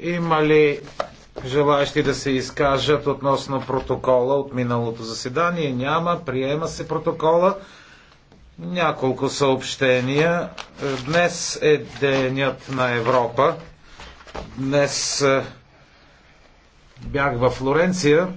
Има ли желаящи да се изкажат относно протокола от миналото заседание? Няма. Приема се протокола. Няколко съобщения. Днес е Денят на Европа. Днес е, бях във Флоренция.